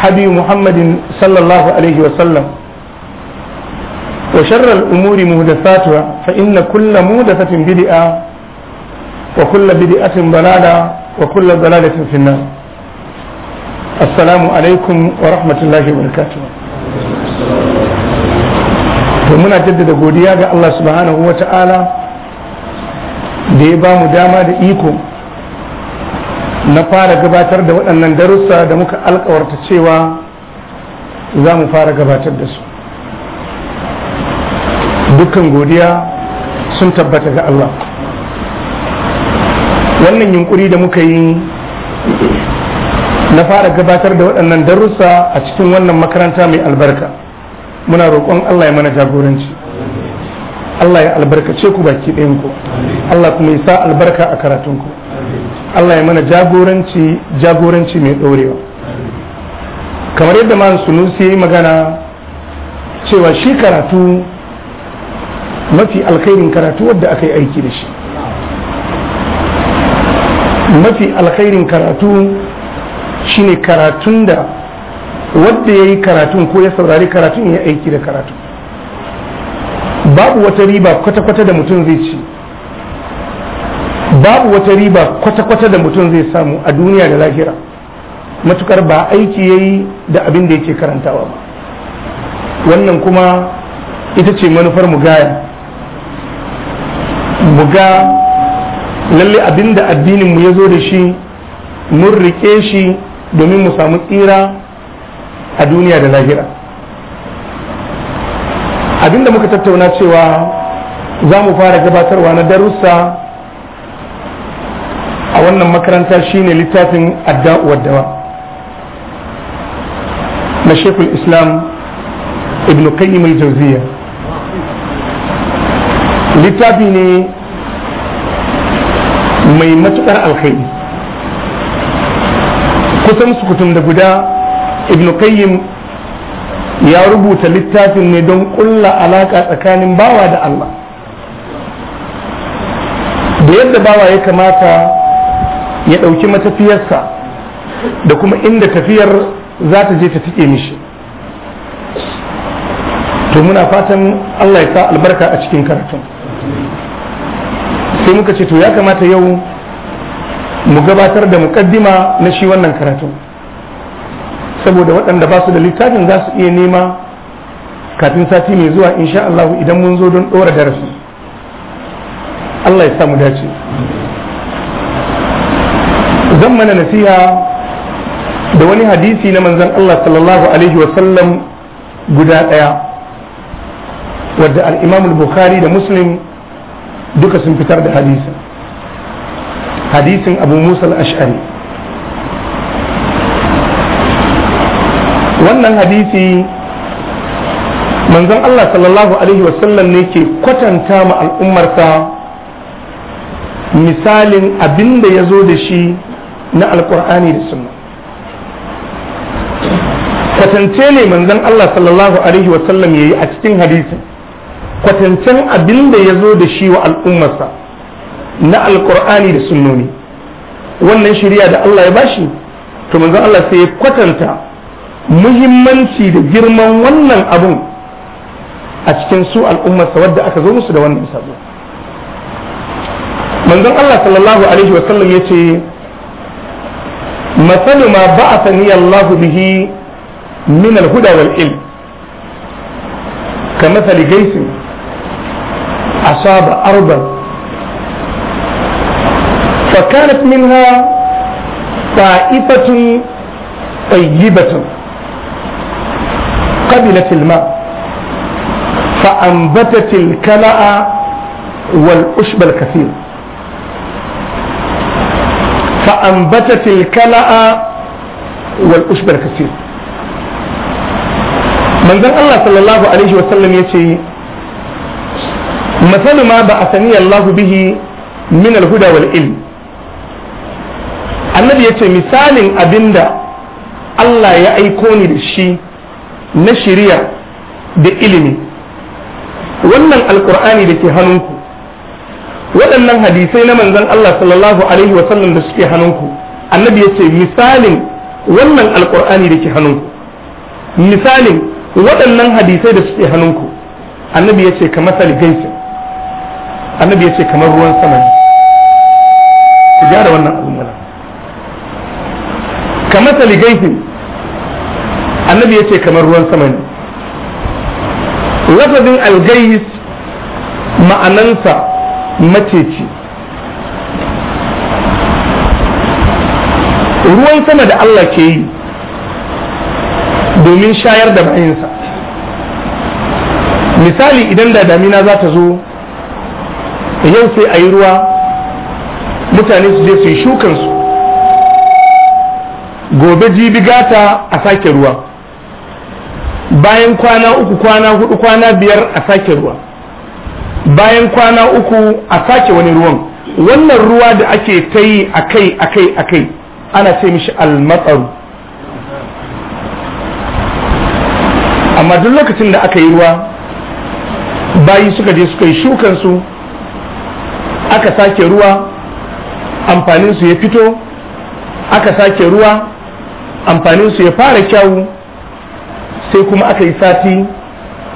هدي محمد صلى الله عليه وسلم وشر الأمور مهدثاتها فإن كل مهدثة بدئة وكل بدئة ضلالة وكل ضلالة في النار السلام عليكم ورحمة الله وبركاته ومن جدد godiya ga Allah subhanahu wa ta'ala da ya ba mu dama da iko na fara gabatar da waɗannan darussa da muka alkawarta cewa za mu fara gabatar da su dukkan godiya sun tabbata ga Allah wannan yunkuri da muka yi na fara gabatar da waɗannan darussa a cikin wannan makaranta mai albarka muna roƙon Allah ya mana jagoranci Allah ya albarkace ku baki ɗayan ku Allah kuma ya sa albarka a karatunku Allah ya mana jagoranci jagoranci mai ɗorewa kamar yadda man sunusi ya yi magana cewa shi karatu mafi alkhairin karatu wadda aka yi aiki da shi mafi alkhairin karatu shine karatun da wadda ya yi karatun ko ya saurari karatun ya aiki da karatu babu wata riba kwata-kwata da mutum zai ci babu wata riba kwata-kwata da mutum zai samu a duniya da lahira matukar ba aiki ya yi da abin da yake karantawa ba wannan kuma ita ce manufar mugaya muga lalle abin da addininmu ya zo da shi mun riƙe shi domin mu samu tsira a duniya da lahira abin da muka tattauna cewa za mu fara gabatarwa na darussa a wannan makaranta shine littafin adda'u na shekul islam ibn qayyim al-jawziya littafi ne mai matukar alkhairi kusan sukutum da guda ibn qayyim ya rubuta littafin ne don kulla alaka tsakanin bawa da Allah da yadda bawa ya kamata ya ɗauki matafiyarsa da kuma inda tafiyar za ta je ta tike mishi to muna fatan Allah ya sa albarka a cikin karatun sai muka ce to ya kamata yau mu gabatar da mukaddima na shi wannan karatun saboda waɗanda ba su da littafin za su iya nema kafin sati mai zuwa insha Allah idan mun zo don ɗora darasi Allah ya mu dace zan mana nasiha da wani hadisi na manzan Allah sallallahu alaihi wasallam guda ɗaya wadda al bukhari da Muslim duka sun fitar da hadisin hadisin Abu Musa al-Ash'ari wannan hadisi manzan Allah sallallahu alaihi wasallam ne ke kwatanta ma al'ummarsa misalin abin da ya zo da shi na alkur'ani da sunna kwatance ne manzon Allah sallallahu alaihi wasallam yayi a cikin hadisi kwatancen abin da ya zo da shi wa al'ummarsa na alkur'ani da sunnoni wannan shirya da Allah ya bashi to manzon Allah sai ya kwatanta muhimmanci da girman wannan abun a cikin su al'ummarsa wadda aka zo musu da wannan sabo manzon Allah sallallahu alaihi wasallam ya ce مثل ما بعثني الله به من الهدى والعلم كمثل جيش أصاب أرضا فكانت منها طائفة طيبة قبلت الماء فأنبتت الكلأ والأشب الكثير فأنبتت الكلأ والأشب الكثير من ذن الله صلى الله عليه وسلم يتي مثل ما بعثني الله به من الهدى والعلم annabi ya ce misalin abinda Allah ya aiko ni da shi na shirya da ilimi wannan Alƙur'ani da ke hannunku waɗannan hadisai na manzan Allah sallallahu alaihi wa sallam da suke hannunku annabi yace misalin wannan alqur'ani da ke hannunku misalin waɗannan hadisai da suke hannunku annabi yace kamar gaisa annabi yace kamar ruwan sama ku gyara wannan abun mana kamar gaisa annabi yace kamar ruwan sama ne lafazin algais ma'anansa maceci ruwan sama da Allah ke yi domin shayar da bayinsa misali idan da damina za ta zo yau sai a yi ruwa mutane su je su yi shukansu gobe jibi gata a sake ruwa bayan kwana uku kwana hudu kwana biyar a sake ruwa bayan kwana uku a sake wani ruwan wannan ruwa da ake ta yi a a kai, kai, a kai, ana ce mishi almatsaru amma duk lokacin da aka yi ruwa bayi suka je suka yi shukansu aka sake ruwa amfaninsu ya fito aka sake ruwa amfaninsu ya fara kyawu sai kuma aka yi sati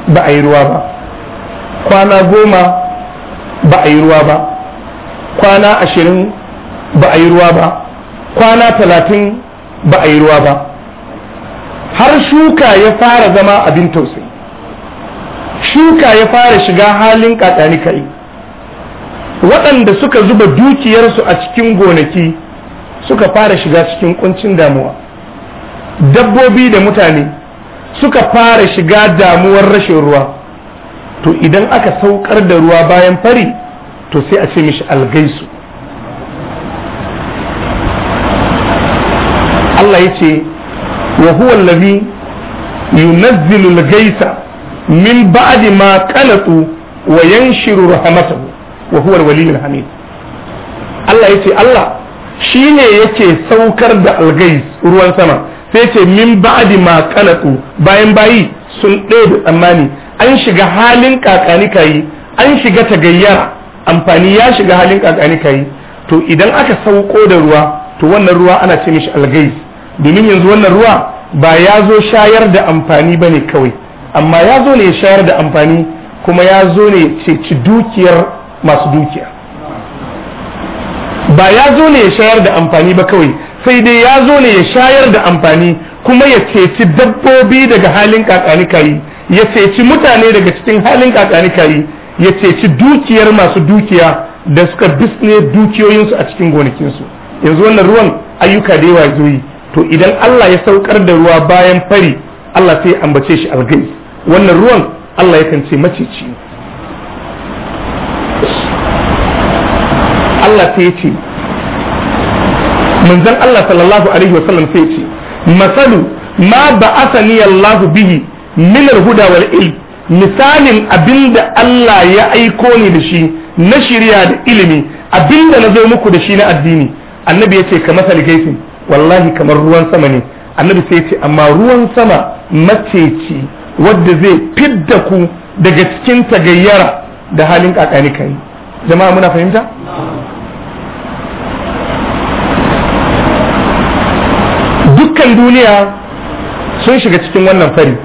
ba a yi ruwa ba kwana goma ba a yi ruwa ba kwana ashirin ba a yi ruwa ba kwana talatin ba a yi ruwa ba har shuka ya fara zama abin tausayi shuka ya fara shiga halin kakani kai waɗanda suka zuba dukiyarsu a cikin gonaki suka fara shiga cikin kuncin damuwa dabbobi da mutane suka fara shiga damuwar rashin ruwa to idan aka saukar da ruwa bayan fari to sai a ce mishi algaisu Allah ya ce wa huwa allazi yunazzilu algaisa min ba'di ma qalatu wa yanshiru rahmatahu wa huwa alwaliyyul hamid Allah ya ce Allah shine yake saukar da algais ruwan sama sai ce min ba'di ma qalatu bayan bayi sun ɗaya tsammani an shiga halin kakani kayi an shiga ta gayyara amfani ya shiga halin kakani kayi to idan aka sauko da ruwa to wannan ruwa ana ce mishi algais domin yanzu wannan ruwa ba ya zo shayar da amfani ba ne kawai amma ya zo ne shayar da amfani kuma ya zo ne ceci dukiyar masu dukiya ba ya zo ne ya shayar da amfani ba kawai sai dai ya zo ne ya shayar da amfani kuma ya ceci dabbobi daga halin kakani kayi ya ceci mutane daga cikin halin kakani kayi ya ceci dukiyar masu dukiya da suka bisne dukiyoyinsu a cikin gonakinsu yanzu wannan ruwan ayyuka da yawa zo yi to idan Allah ya saukar da ruwa bayan fari Allah sai ya ambace shi algai wannan ruwan Allah ya ce macici Allah sai ya ce manzon Allah sallallahu alaihi wasallam sai ya ce masalu ma ba'athani Allah bihi minar huda wal ilm misalin abinda Allah ya aiko ni da shi na shirya da ilimi abinda na zo muku da shi na addini annabi yace ka masal gaisin wallahi kamar ruwan sama ne annabi sai yace amma ruwan sama maceci wadda zai fidda ku daga cikin tagayyara da halin kakani kai jama'a muna fahimta dukkan duniya sun shiga cikin wannan fari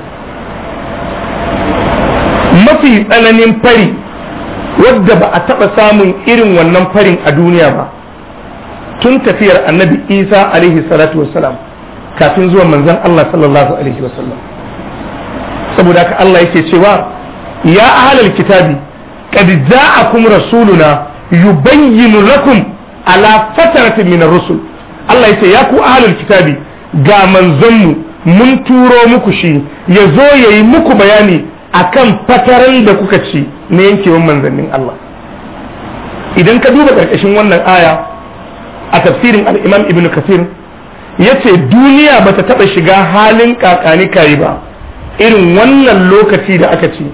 mafi tsananin fari wadda ba a taɓa samun irin wannan farin a duniya ba tun tafiyar annabi isa alaihi salatu wassalam kafin zuwa manzan allah sallallahu alaihi wasallam saboda haka allah yake cewa ya ahalar kitabi qad ja'akum rasuluna yubayyinu lakum ala fatratin min rusul allah yace ya ku ahalar kitabi ga manzanmu mun turo muku shi ya zo ya yi muku bayani akan fataran da kuka ci na yankewan manzannin Allah idan ka duba ƙarƙashin wannan aya a tafsirin al-Imam Ibn ya ce duniya bata taɓa shiga halin kakani kayi ba irin wannan lokaci da aka ci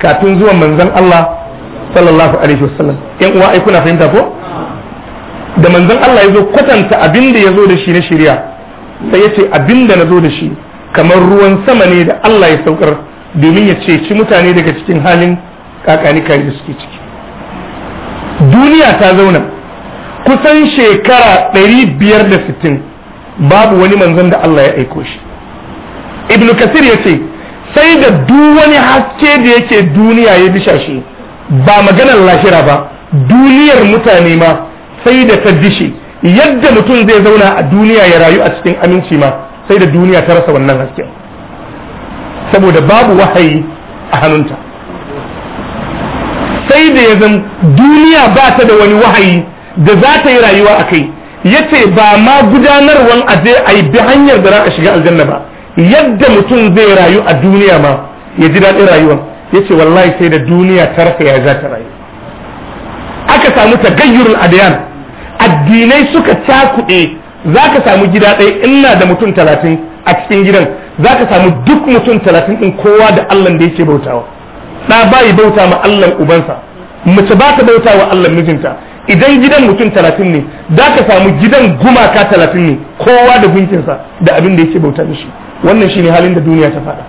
kafin zuwan manzan Allah sallallahu alaihi wasallam yan uwa ai kuna fahimta ko da manzan Allah ya zo kwatanta abin da ya zo da shi na shirya sai ya ce abin da na zo da shi kamar ruwan sama ne da Allah ya saukar domin ya ceci mutane daga cikin halin kakanikai da suke ciki duniya ta zauna kusan shekara 560 babu wani manzon da Allah ya aiko shi ibn kasir ya ce sai da duk wani haske da yake duniya ya bisha shi ba maganar lahira ba duniyar mutane ma sai da ta dishe yadda mutum zai zauna a duniya ya rayu a cikin aminci ma sai da duniya ta rasa wannan hasken saboda babu wahayi a hannunta sai da ya zan duniya ba ta da wani wahayi da za ta yi rayuwa a kai ya ce ba ma gudanarwan a je a yi bi hanyar da za a shiga aljanna ba yadda mutum zai rayu a duniya ma ya ji daɗin rayuwa ya ce wallahi sai da duniya ta rasa ya za ta rayu aka samu tagayyurul adiyan addinai suka cakuɗe za ka samu gida ɗaya ina da mutum talatin a cikin gidan za ka samu duk mutum talatin ɗin kowa da allah da yake bautawa ɗa bayi bauta ma allah ubansa mace ba ta bauta wa allah mijinta idan gidan mutum talatin ne za ka samu gidan gumaka talatin ne kowa da gunkinsa da abin da yake bauta da shi wannan shine halin da duniya ta fada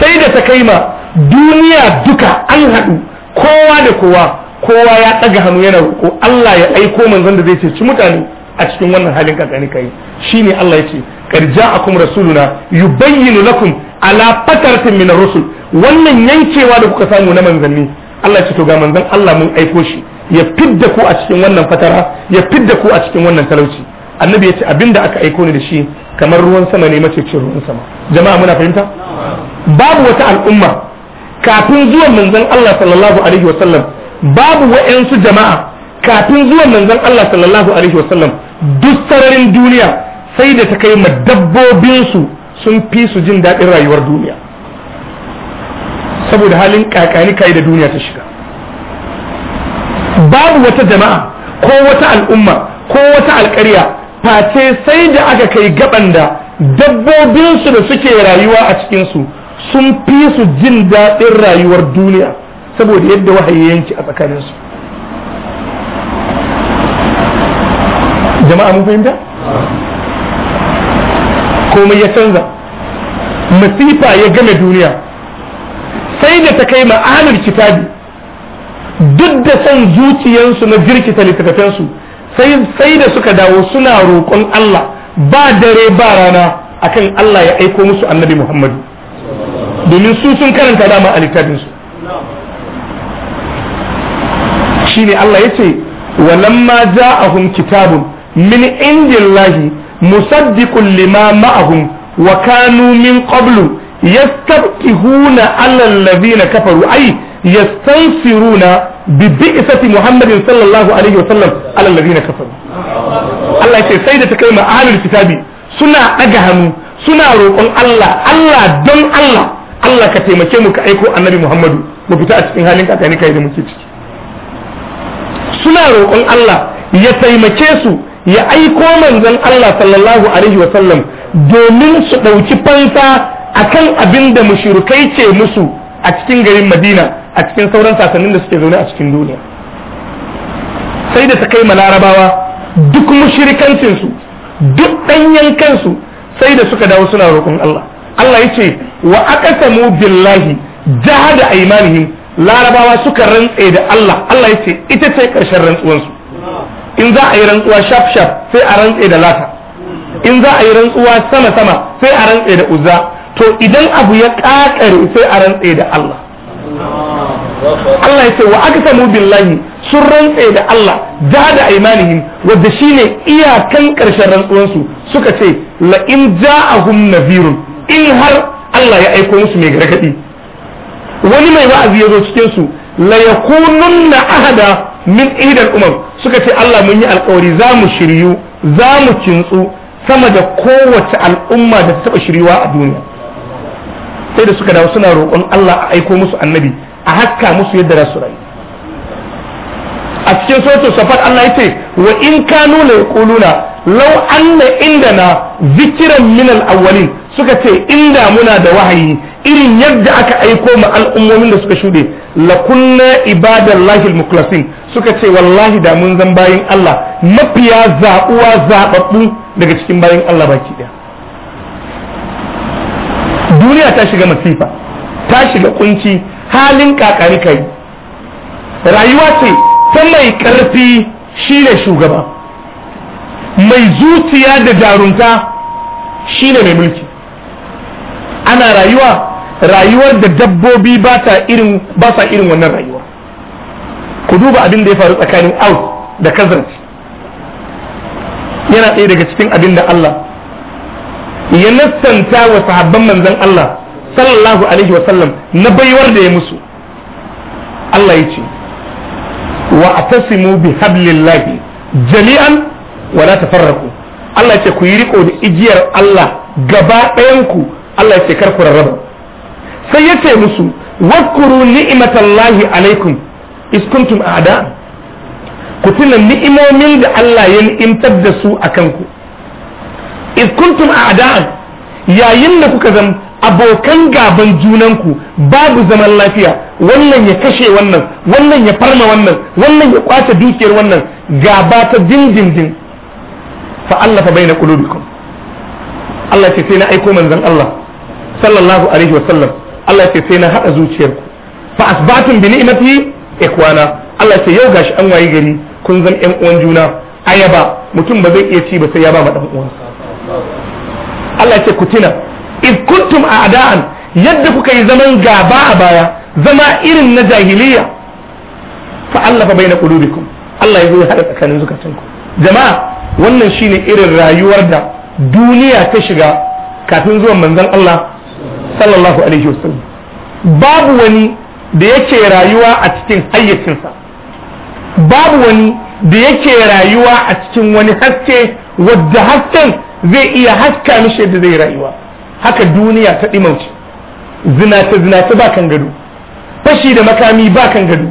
sai da ta kai ma duniya duka an haɗu kowa da kowa kowa ya ɗaga hannu yana roƙo allah ya aiko manzon da zai ceci mutane a cikin wannan halin ka kakani kai shine Allah yace qad ja'akum rasuluna yubayyinu lakum ala fatartin min rusul wannan yankewa da kuka samu na manzanni Allah ce to ga manzan Allah mun aiko shi ya fidda ku a cikin wannan fatara ya fidda ku a cikin wannan talauci annabi ya ce abinda aka aiko ni da shi kamar ruwan sama ne mace macece ruwan sama jama'a muna fahimta babu wata al'umma kafin zuwan manzan Allah sallallahu alaihi wasallam babu wa'ansu jama'a kafin zuwan manzan Allah sallallahu alaihi wasallam duk sararin duniya sai da ta kai ma dabbobinsu sun fi su jin daɗin rayuwar duniya saboda halin kakani kai da duniya ta shiga babu wata jama'a ko wata al'umma ko wata alƙarya face sai da aka kai gaban da dabbobinsu da suke rayuwa a cikinsu sun fi su jin daɗin rayuwar duniya saboda yadda wahayi yanki a tsakaninsu jama'a mun fahimta komai ya canza masifa ya game duniya sai da ta kai ma'anar kitabi duk da son zuciyarsu na jirkita littattafansu sai da suka dawo suna roƙon Allah ba dare ba rana akan Allah ya aiko musu annabi Muhammadu domin su sun karanta dama a littafinsu ne Allah ya ce walamma ja'ahum kitabun min indillahi musaddiqun lima ma'ahum wa kanu min qablu yastabtihuna ala alladhina kafaru ay yastansiruna bi bi'sati muhammadin sallallahu alaihi wa sallam ala alladhina kafaru Allah yake sai da ta kai ma ahlul kitabi suna daga hannu suna roƙon Allah Allah don Allah Allah ka taimake mu ka aiko annabi Muhammadu mu fita a cikin halin kakani kai da muke ciki suna roƙon Allah ya taimake su ya aiko manzon Allah sallallahu alaihi wa sallam domin su ɗauki fansa akan abin da mushrikai ce musu a cikin garin Madina a cikin sauran sasannin da suke zaune a cikin duniya sai da ta kai ma larabawa duk mushrikancin duk ɗanyen kansu sai da suka dawo suna roƙon Allah Allah yace wa aqsamu billahi jahada aymanihim larabawa suka rantse da Allah Allah yace ita ce ƙarshen rantsuwansu in za a yi rantsuwa shaf shaf sai a rantse da lata in za a yi rantsuwa sama sama sai a rantse da uzza to idan abu ya kakare sai a rantse da Allah Allah ya ce wa aqsamu billahi sun rantse da Allah da da imanihim wanda shine iyakan karshen rantsuwarsu suka ce la in ja'ahum nadhirun in har Allah ya aiko musu mai gargadi wani mai wa'azi ya zo cikin su la yakununna ahada min idar umar? suka ce Allah mun yi alkawari za mu shiryu za mu kintsu sama da kowace al'umma da ta taɓa shiryuwa a duniya sai da suka dawo suna roƙon Allah a aiko musu annabi a haska musu yadda za su rayu a cikin sautu safar Allah ya ce wa in kanu la yaquluna law na indana zikran min al-awwalin suka ce inda muna da wahayi irin yadda aka aiko ma al'ummomin da suka shuɗe la kunna ibadallahi al suka ce wallahi da mun zan bayin Allah mafiya zaɓuwa zaɓaɓɓu daga cikin bayin Allah baki daya duniya ta shiga masifa ta shiga kunci halin kakari kai rayuwa ce ta mai ƙarfi shine shugaba mai zuciya da jarunta shine mai mulki ana rayuwa rayuwar da dabbobi ba sa irin ba sa irin wannan rayuwa ku duba abin da ya faru tsakanin au da kazan yana ɗaya daga cikin abin da Allah ya nassanta wa sahabban manzon Allah sallallahu alaihi wa sallam na baiwar da ya musu Allah ya ce wa atasimu bi hablillahi jami'an wa la tafarraqu Allah ya ce ku yi riko da igiyar Allah gaba ɗayan Allah ya ce kar ku rarraba sai ya ce musu wakuru ni'imatallahi alaikum iskuntum a'da ku tuna ni'imomin da Allah ya ni'imtar da su a kanku iskuntum a'da yayin da kuka zama abokan gaban junanku babu zaman lafiya wannan ya kashe wannan wannan ya farma wannan wannan ya kwace dukiyar wannan gaba ta dindindin fa Allah fa baina qulubikum Allah ce sai na aiko manzon Allah sallallahu alaihi wa sallam Allah ya ce sai na hada zuciyarku fa asbatun bi ni'mati ikwana Allah ya ce yau gashi an wayi gari kun zan ƴan uwan juna ayaba mutum ba zai iya ci ba sai ya ba ma dan uwansa Allah ya ce ku tuna id kuntum a'da'an yadda kuka yi zaman gaba a baya zama irin na jahiliya fa Allah fa baina qulubikum Allah ya zo ya hada tsakanin zukatanku jama'a wannan shine irin rayuwar da duniya ta shiga kafin zuwan manzon Allah sallallahu alaihi wasallam babu wani da yake rayuwa a cikin hayyacinsa babu wani da yake rayuwa a cikin wani haske wadda hasken zai iya haska mishi da zai rayuwa haka duniya ta dimauce zinace zinace ba kan gado fashi da makami ba kan gado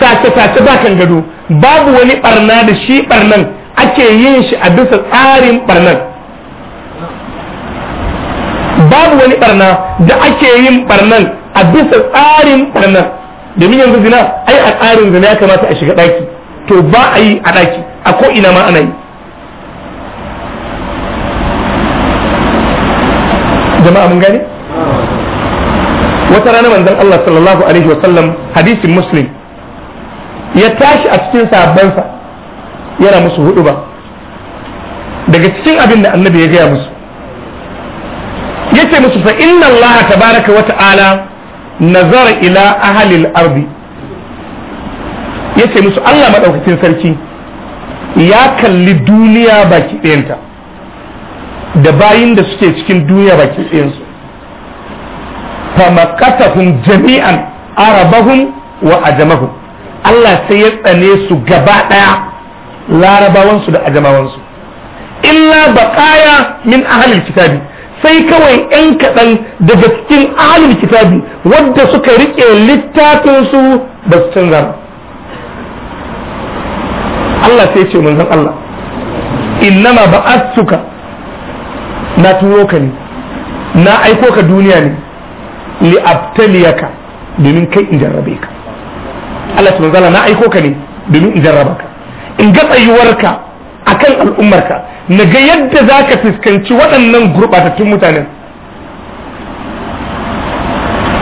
sace sace ba kan gado babu wani barna da shi barnan ake yin shi a bisa tsarin barnan babu wani barna da ake yin barnan a bisa tsarin barnan domin yanzu zina ai a tsarin zina ya kamata a shiga daki to ba a yi a daki a ko ina ma ana yi jama'a mun gane wata rana manzon Allah sallallahu alaihi wasallam hadisin muslim ya tashi a cikin sabonsa yana musu hudu ba daga cikin abin da annabi ya gaya musu yace musu fa inna allaha tabaraka wa ta'ala nazara ila ahlil ardi yace musu Allah madaukakin sarki ya kalli duniya baki ɗayanta da bayin da suke cikin duniya baki ɗayansu famakatahum jami'an arabahum wa ajamahum Allah sai ya tsane su gaba ɗaya larabawansu da ajamawansu illa baƙaya min ahalin kitabi sai kawai 'yan kaɗan daga cikin ahalin kitabi wadda suka riƙe littafinsu ba su canza ba Allah sai ce manzon Allah innama suka na turo ka ne na aiko ka duniya ne li'abtaliyaka domin kai in jarrabe ka Allah subhanahu wa na aiko ka ne domin in jarraba ka in ga tsayuwarka akan al'ummarka na ga yadda za ka fuskanci waɗannan gurɓatattun mutanen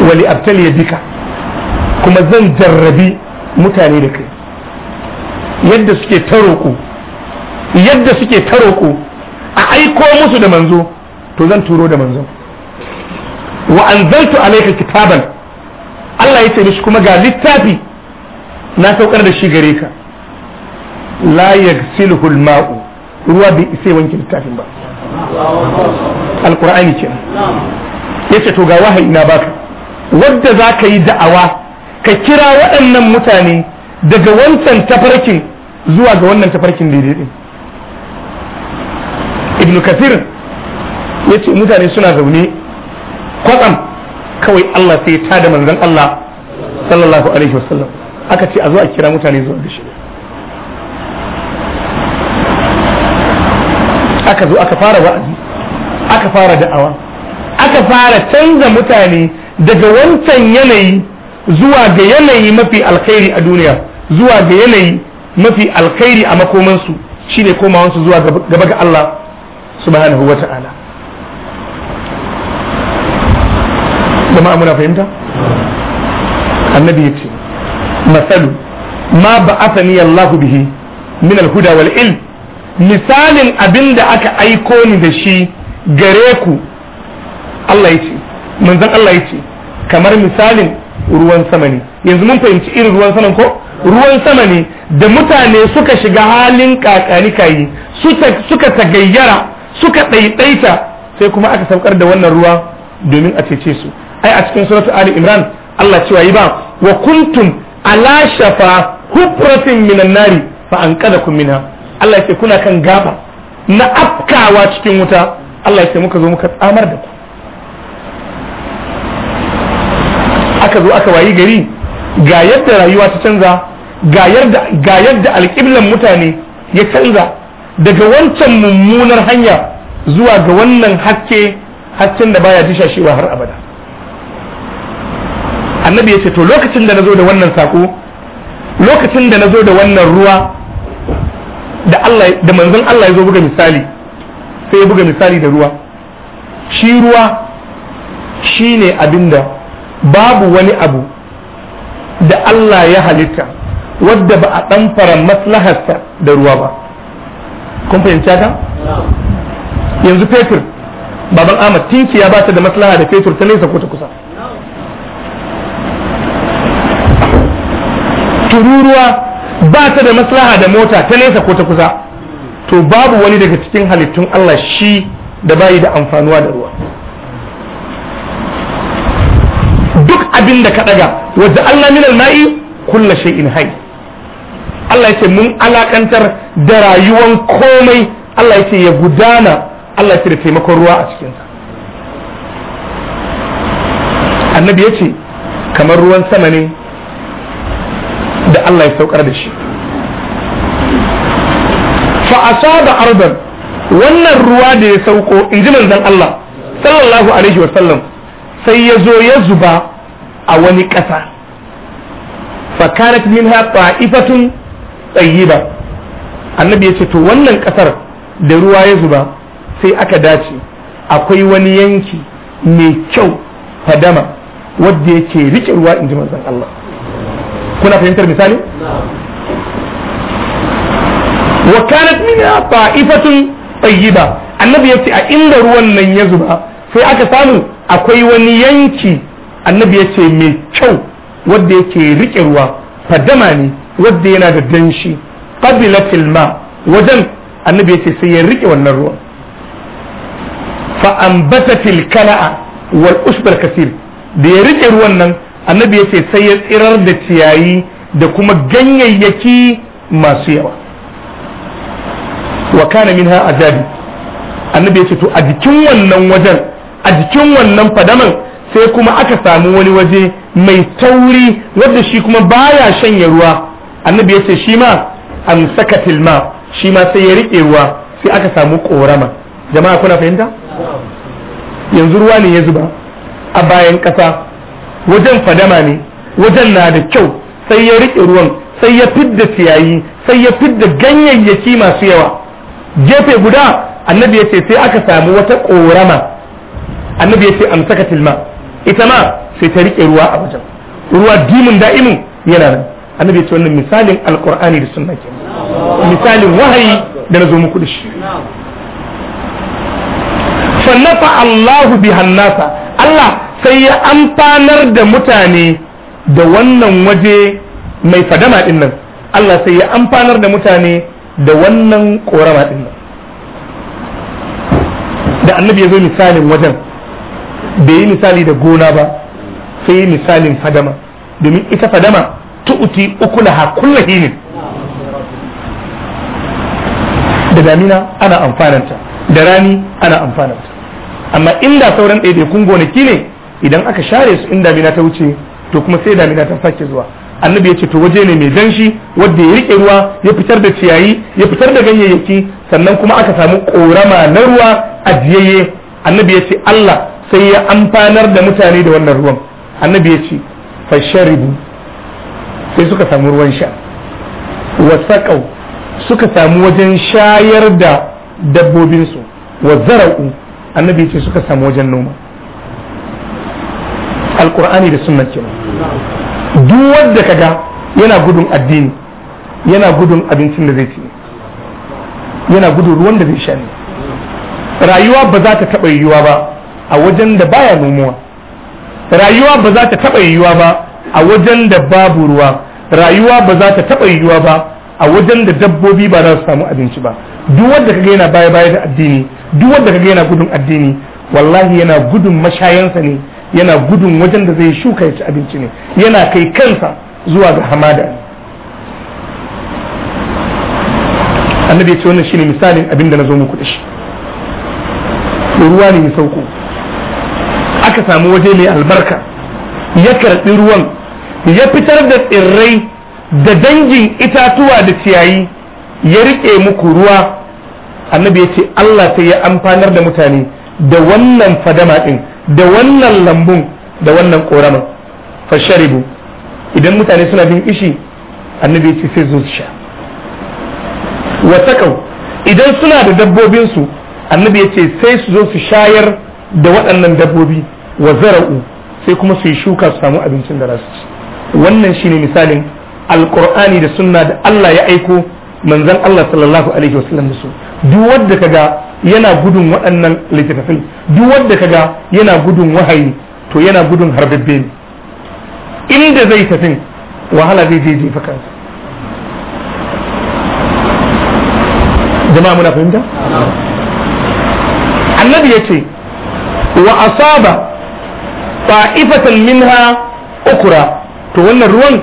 wali abtali ya bika kuma zan jarrabi mutane da kai yadda suke taroku yadda suke a aiko musu da manzo to zan turo da manzo wa anzaltu alayka kitaban Allah ya ce mishi kuma ga littafi na saukar da shi gare ka la yaghsiluhu al-ma'u ruwa bai isa wanke littafin ba alkur'ani Ya ce to ga wahayi na baka wadda za ka yi da'awa ka kira waɗannan mutane daga wancan tafarkin zuwa ga wannan tafarkin daidai ibn kathir ce mutane suna zaune kwatsam kawai Allah sai ta da manzon Allah sallallahu alaihi wasallam aka ce a zo a kira mutane zuwa da shi aka zo aka fara wa'azi aka fara da'awa aka fara canza mutane daga wancan yanayi zuwa ga yanayi mafi alkhairi a duniya zuwa ga yanayi mafi alkhairi a makomansu shine komawansu zuwa gaba ga Allah subhanahu wa ta'ala jama'a muna fahimta annabi ya ce masalu ma ba'athani Allah bihi min al-huda wal ilm misalin abin da aka aiko ni da shi gare ku Allah ya ce manzon Allah ya ce kamar misalin ruwan sama ne yanzu mun fahimci irin ruwan sama ko ruwan sama ne da mutane suka shiga halin kakanikayi suka tagayyara suka ɗaiɗaita sai kuma aka saukar da wannan ruwa domin a cece su ai a cikin suratu ali imran Allah cewa yi ba wa kuntum ala shafa hufratin minan nari fa an mina. Allah ya ce kuna kan gaba na afkawa cikin wuta Allah ya ce muka zo muka tsamar da ku aka zo aka wayi gari ga yadda rayuwa ta canza ga yadda alƙiblan mutane ya canza daga wancan mummunar hanya zuwa ga wannan hakke haccin da baya dishashewa har abada annabi ya ce to lokacin da na zo da wannan sako lokacin da na zo da wannan ruwa da Allah da manzon Allah ya zo buga misali sai ya buga misali da ruwa shi ruwa shine abinda babu wani abu da Allah ya halitta wadda ba a ɗanfara maslaharsa da ruwa ba kun fahimci yanzu fetur baban ahmad tinki ya ba ta da maslaha da fetur ta nesa ko ta kusa ba ta da maslaha da mota ta nesa ko ta kusa to babu wani daga cikin halittun Allah shi da bayi da amfanuwa da ruwa duk abin da ka daga wadda Allah min ma'i kulla in hayy Allah yace mun alakantar da rayuwan komai Allah ce ya gudana Allah ce da taimakon ruwa a cikin annabi yace kamar ruwan sama ne Allah ya saukar da shi fa asaba ardan wannan ruwa da ya sauko inji manzon Allah sallallahu alaihi wa sallam sai ya zo ya zuba a wani ƙasa fa kanat minha ta'ifatun tayyiba annabi yace to wannan ƙasar da ruwa ya zuba sai aka dace akwai wani yanki mai kyau fadama wadda yake rike ruwa inji manzon Allah kuna fahimtar misali wa kanat minha ta'ifatun tayyiba annabi yace a inda ruwan nan ya zuba sai aka samu akwai wani yanki annabi yace mai kyau wanda yake rike ruwa fadama ne wanda yana da danshi qabilatil ma wajen annabi yace sai ya rike wannan ruwan fa anbatatil kala'a wal usbar kasir da ya rike ruwan nan annabi ya ce sai ya tsirar da ciyayi da kuma ganyayyaki masu yawa wa kana minha annabi ya ce to a jikin wannan wajen a jikin wannan fadaman sai kuma aka samu wani waje mai tauri wadda shi kuma baya shanye ruwa annabi ya ce shi ma saka tilma shi ma sai ya rike ruwa sai aka samu korama jama'a kuna fahimta yanzu ruwa ne ya zuba a bayan kasa wajen fadama ne wajen na da kyau sai ya riƙe ruwan sai ya fidda ciyayi sai ya fidda ganyayyaki masu yawa gefe guda annabi ya ce sai aka samu wata ƙorama annabi ya ce amsaka tilma ita ma sai ta riƙe ruwa a wajen ruwa dimin da'imin yana nan annabi ya ce wannan misalin alƙur'ani da sunna ke misalin wahayi da na zo muku da shi fannafa Allahu bi hannasa Allah sai ya amfanar da mutane da wannan waje mai fadama din nan Allah sai ya amfanar da mutane da wannan korama din nan da annabi ya zo misalin wajen bai yi misali da gona ba sai yi misalin fadama domin ita fadama tu'uti ukulaha kulla hinin da damina ana amfananta da rani ana amfananta amma inda sauran ɗaiɗaikun gonaki ne idan aka share su in damina ta wuce to kuma sai damina ta sake zuwa annabi ya ce to waje ne mai danshi wanda ya rike ruwa ya fitar da ciyayi ya fitar da ganyayyaki sannan kuma aka samu korama na ruwa ajiyayye annabi ya ce Allah sai ya amfanar da mutane da wannan ruwan annabi ya ce fa sharibu sai suka samu ruwan sha sakau suka samu wajen shayar da dabbobinsu wa zara'u annabi ya ce suka samu wajen noma alkur'ani da sunan kenan duk wanda kaga yana gudun addini yana gudun abincin da zai ci yana gudun ruwan da zai sha ne rayuwa ba za ta taɓa yiwuwa ba a wajen da baya nomuwa rayuwa ba za ta taɓa yiwuwa ba a wajen da babu ruwa rayuwa ba za ta taɓa yiwuwa ba a wajen da dabbobi ba za su samu abinci ba duk wanda kaga yana baya baya da addini duk wanda kaga yana gudun addini wallahi yana gudun mashayansa ne yana gudun wajen da zai shuka ya ci abinci ne yana kai kansa zuwa ga hamada annabi ya ce wannan shine misalin abin da na zo muku da shi ruwa ne mai sauko aka samu waje mai albarka ya karɓi ruwan ya fitar da tsirrai da dangin itatuwa da ciyayi ya riƙe muku ruwa annabi ya ce Allah sai ya amfanar da mutane da wannan fadama ɗin da wannan lambun da wannan koraman fasharibu idan mutane suna bin ishi annabi ce sai zo su sha Wasakau idan suna da dabbobinsu annabi ya ce sai su zo su shayar da waɗannan dabbobi wa zara'u sai kuma su yi shuka su samu abincin da za su ci wannan shine misalin alkur'ani da sunna da Allah ya aiko manzan Allah sallallahu alaihi wasallam da su duk wanda kaga yana gudun waɗannan littattafai duk wanda kaga yana gudun wahayi to yana gudun harbabbe ne inda zai tafin wahala zai je jefa kansa jama'a muna fahimta annabi ya yace wa asaba ta'ifatan minha ukura to wannan ruwan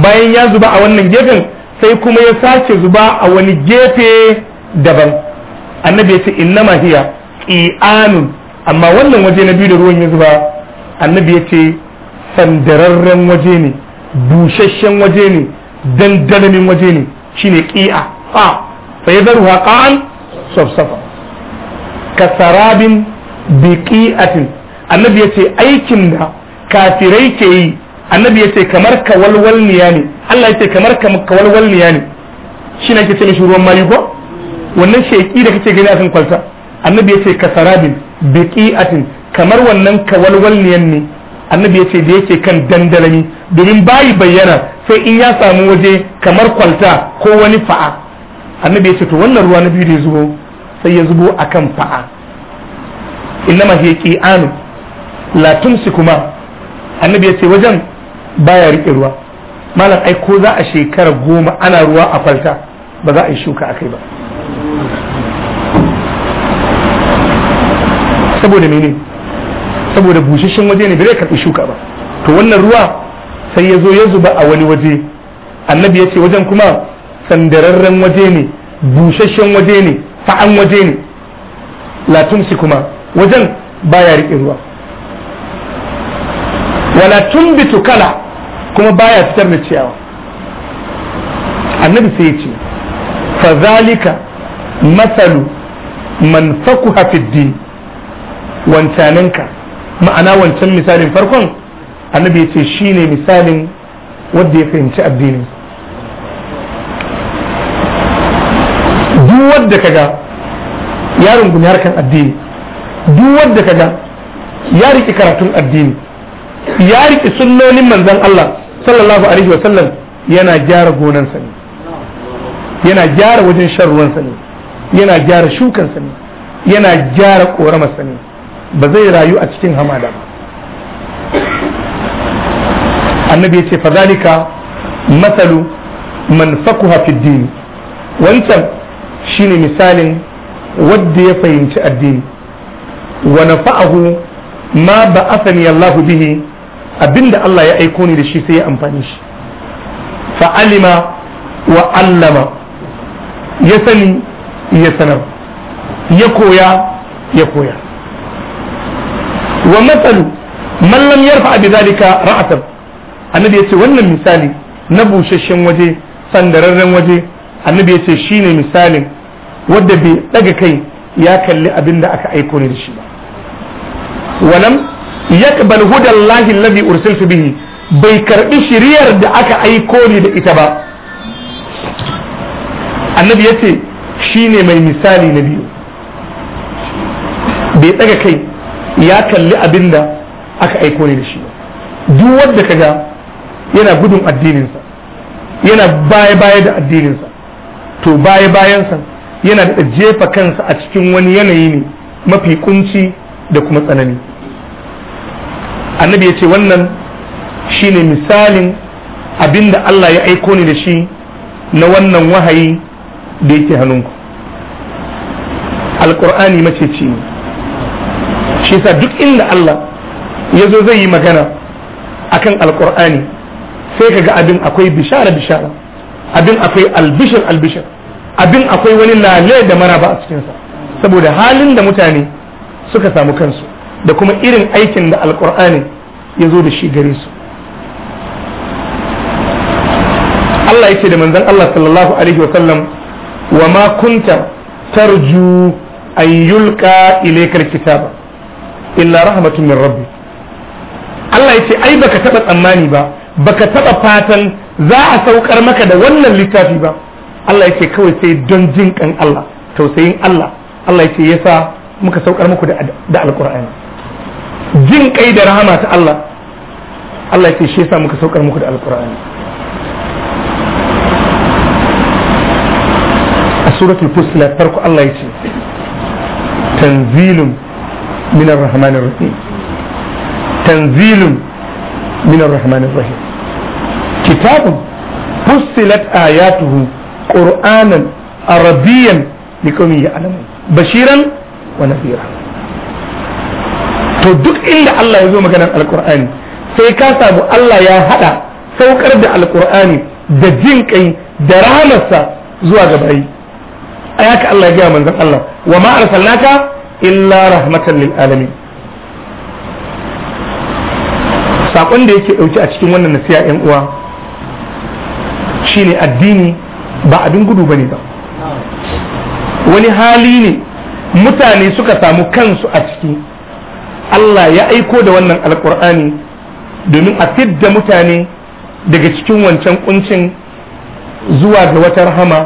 bayan ya zuba a wannan gefen sai kuma ya sace zuba a wani gefe daban annabi ya ce innama hiya qi'anun amma wannan waje na biyu da ruwan ya zuba annabi ya ce sandararren waje ne busasshen waje ne dandalamin waje ne shine qi'a fa fa yadaru haqan safsafa kasarabin biqi'atin annabi ya ce aikin da kafirai ke yi annabi ya ce kamar kawalwalniya ne Allah ya ce kamar ka kawalwalniya ne shi ne ke ce mishi ruwan mayu ko wannan sheki da kake gani a kan kwalta annabi ya yace kasarabin biqi'atin kamar wannan kawalwalniyan ne annabi ya ce da yake kan dandalami domin bayi bayyana sai in ya samu waje kamar kwalta ko wani fa'a annabi ya ce to wannan ruwa na biyu da ya zubo sai ya zubo akan fa'a innama hiya qi'anu la tumsi kuma annabi ce wajen baya rike ruwa malam ai ko za a shekara goma ana ruwa a falta ba za a yi shuka a kai ba saboda mene saboda bushashen waje ne bai karɓi shuka ba to wannan ruwa sai ya zo ya zuba a wani waje annabi ya ce wajen kuma sandararren waje ne bushashen waje ne fa'an waje ne latunsi kuma wajen baya riƙe ruwa wala tumbitu kala kuma baya fitar da ciyawa annabi sai ya ce zalika masalu man fakuha din, wancaninka ma'ana wancan misalin farkon annabi ya ce shine misalin wanda ya fahimci addinin duk wadda ka ga ya rungumi harkan addini duk wadda ka ga, ya riƙe karatun addini ya riƙe sunnonin manzan Allah sallallahu alaihi wa sallam yana gyara gonansa ne yana gyara wajen shan ruwansa ne yana gyara shukansa ne yana gyara koramarsa ne ba zai rayu a cikin hamada ba annabi ya ce fadalika matsalu man fakuha fi dini wancan shine misalin wadda ya fahimci addini wa nafa'ahu ma ba'athani Allahu bihi abinda Allah ya aiko ni da shi sai ya amfani shi fa'alima wa allama ya sani ya sanar ya koya ya koya wa matsalu man lam yarfa bi zalika ra'atan annabi yace wannan misali na busasshen waje sandararren waje annabi yace shine misalin wadda bai daga kai ya kalli abin da aka aiko ne da shi ba yakbal hudallahi alladhi ursiltu bihi bai karbi shiriyar da aka aiko ni da ita ba annabi yace ne mai misali na biyu bai tsaga kai ya kalli abinda aka aiko ni da shi duk wadda ka ga yana gudun addininsa yana baya baya da addininsa to baya bayansa yana da jefa kansa a cikin wani yanayi ne mafi kunci da kuma tsanani annabi ya ce wannan shine misalin abinda Allah ya aiko ni da shi na wannan wahayi da yake hannunku alkur'ani maceci ne shi yasa duk inda Allah ya zo zai yi magana akan alkur'ani sai ka ga abin akwai bishara bishara abin akwai albishir albishir abin akwai wani lale da ba a cikinsa saboda halin da mutane suka samu kansu da kuma irin aikin da alkur'ani ya zo da shi gare su Allah ya ce da manzan Allah sallallahu alaihi wa sallam wa ma kunta tarju an yulqa ilayka kitaba, illa rahmatun min rabbi Allah ya ce ai baka taba tsammani ba baka taba fatan za a saukar maka da wannan littafi ba Allah ya ce kawai sai don jin kan Allah tausayin Allah Allah ya ce yasa muka saukar muku da alkur'ani jin kai da rahama ta Allah Allah ya ce shi yasa muka saukar muku da alqur'ani a suratul fusilat farko Allah ya tanzilun min ar-rahmanir rahim tanzilun min ar-rahmanir rahim kitabun fusilat ayatuhu qur'anan arabiyan liqawmin ya'lamun bashiran wa nadhira to duk inda Allah ya zo maganar alkur'ani sai ka samu Allah ya haɗa saukar da alkur'ani da jin kai da rahamarsa zuwa ga bayi a Allah ya gaya manzon Allah wa ma arsalnaka illa rahmatan lil alamin sakon da yake dauke a cikin wannan nasiha yan uwa shine addini ba abin gudu bane ba wani hali ne mutane suka samu kansu a ciki Allah ya aiko da wannan alkur'ani domin a fidda mutane daga cikin wancan kuncin zuwa ga wata rahama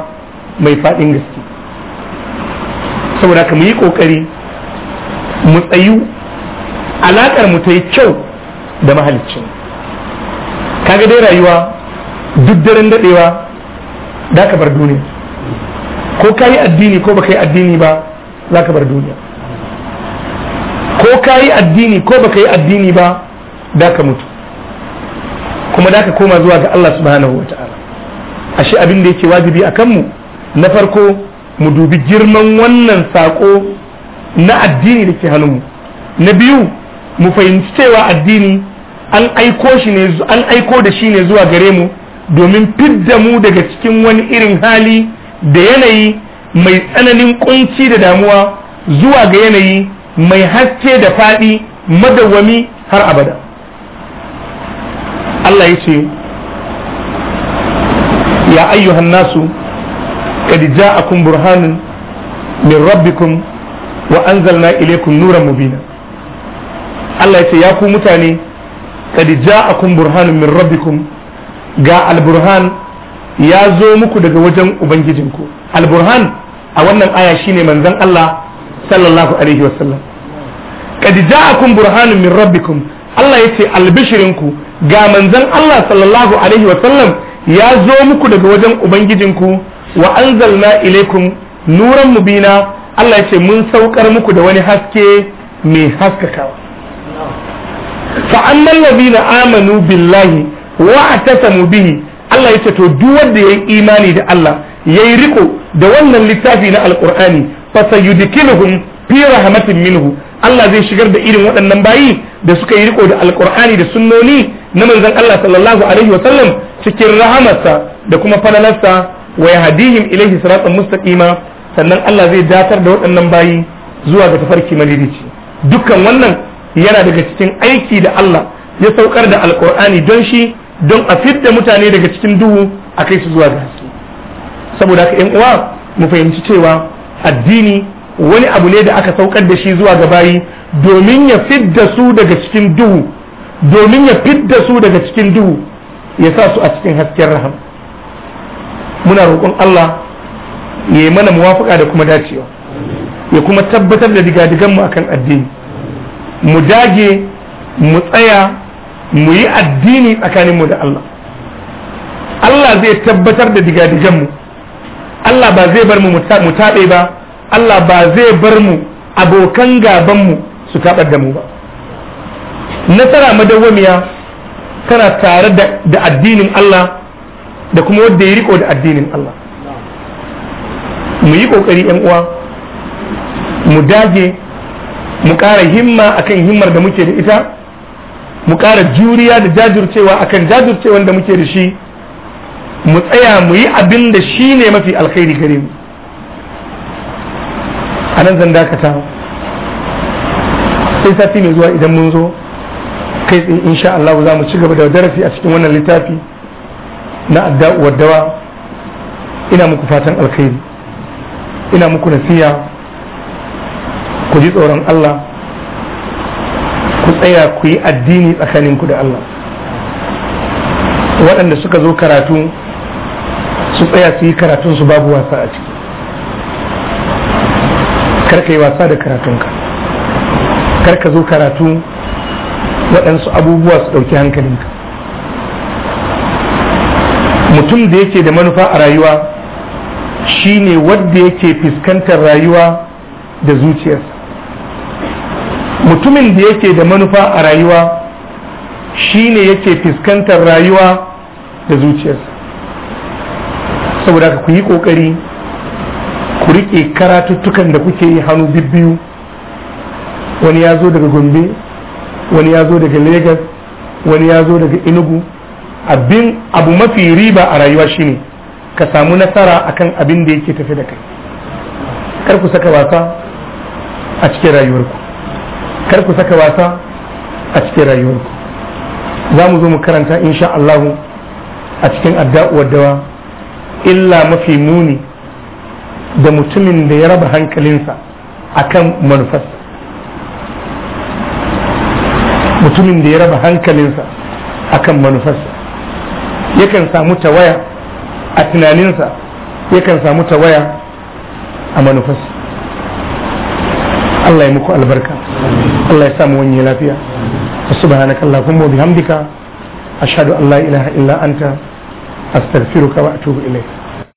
mai faɗin gaske saboda ka mu yi ƙoƙari mu tsayu alaƙar mu ta yi kyau da mahalicci kaga dai rayuwa duk daren daɗewa da ka bar duniya ko ka yi addini ko baka yi addini ba za ka bar duniya ko ka yi addini ko baka yi addini ba da ka mutu kuma da ka koma zuwa ga Allah subhanahu wata'ala ashe abin da yake wajibi a kanmu na farko mu dubi girman wannan sako na addini da ke hannunmu na biyu mu fahimci cewa addini an aiko shi ne an aiko da shi ne zuwa gare mu domin fidda mu daga cikin wani irin hali da yanayi mai tsananin kunci da damuwa zuwa ga yanayi mai haske da faɗi madawwami har abada Allah ya ce ya ayyuhan nasu kad ja'akum burhanun min rabbikum wa anzalna ilaykum nuran mubina Allah ya ce ya ku mutane kad ja'akum burhanun min rabbikum ga alburhan ya zo muku daga wajen ubangijinku alburhan a wannan aya shine manzon Allah sallallahu alaihi wasallam kad ja'akum burhanun min rabbikum Allah yace albishirinku ga manzon Allah sallallahu alaihi sallam ya zo muku daga wajen ubangijinku wa anzalna ilaikum nuran mubina Allah yace mun saukar muku da wani haske mai haskakawa fa amman ladina amanu billahi wa atasamu bihi Allah yace to duk wanda yayi imani da Allah yayi riko da wannan littafi na alqur'ani fasayudkiluhum fi rahmatin minhu Allah zai shigar da irin waɗannan bayi da suka yi riko da alkur'ani da sunnoni na manzon Allah sallallahu alaihi wa sallam cikin rahamarsa da kuma falalarsa wa yahdihim ilaihi siratan mustaqima sannan Allah zai datar da waɗannan bayi zuwa ga tafarki madidici dukkan wannan yana daga cikin aiki da Allah ya saukar da alkur'ani don shi don a fidda mutane daga cikin duhu a kai su zuwa ga haske saboda haka yan uwa mu fahimci cewa addini wani abu ne da aka saukar da shi zuwa ga bayi domin ya fidda su daga cikin duhu domin ya fidda su daga cikin duhu ya sa su a cikin hasken rahama muna roƙon Allah ya yi mana muwafaka da kuma dacewa ya kuma tabbatar da mu akan addini mu dage mu tsaya mu yi addini tsakaninmu da Allah Allah zai tabbatar da mu Allah ba zai bar mu mu taɓe ba Allah ba zai bar mu abokan gaban mu su taɓar da mu ba nasara madawwamiya tana tare da addinin Allah da kuma wanda ya riko da addinin Allah mu yi ƙoƙari yan uwa mu dage mu ƙara himma akan himmar da muke da ita mu ƙara juriya da jajircewa akan jajircewan da muke da shi mu tsaya mu yi abin da shi ne mafi alkhairi gare mu a nan zan dakata sai sati mai zuwa idan mun zo kai tsaye insha Allah za mu ci gaba da darasi a cikin wannan littafi na addu'a dawa ina muku fatan alkhairi ina muku nasiya ku ji tsoron Allah ku tsaya ku yi addini tsakaninku da Allah waɗanda suka zo karatu su tsaya su yi karatunsu babu wasa a ciki karka yi wasa da karatunka karka zo karatu waɗansu abubuwa su ɗauki hankalinka mutum da yake da manufa a rayuwa shine wadda yake fuskantar rayuwa da zuciyarsa mutumin da yake da manufa a rayuwa shi ne yake fuskantar rayuwa da zuciyarsa saboda ku yi kokari ku rike karatuttukan da kuke yi hannu bibbiyu wani ya zo daga gombe wani ya zo daga lagos wani ya zo daga enugu abin abu mafi riba a rayuwa shine ka samu nasara akan abin da yake tafi da kai kar ku saka wasa a cikin rayuwarku kar ku saka wasa a cikin rayuwarku za mu zo mu karanta in sha Allahu a cikin adda'uwar dawa illa mafi muni da mutumin da ya raba hankalinsa akan manufarsa mutumin da ya raba hankalinsa akan manufarsa yakan samu ta waya a tunaninsa yakan samu ta waya a manufarsa Allah ya muku albarka Allah ya samu wani lafiya subhanaka allahumma wa bihamdika ashhadu an la ilaha illa anta astaghfiruka wa atubu ilayk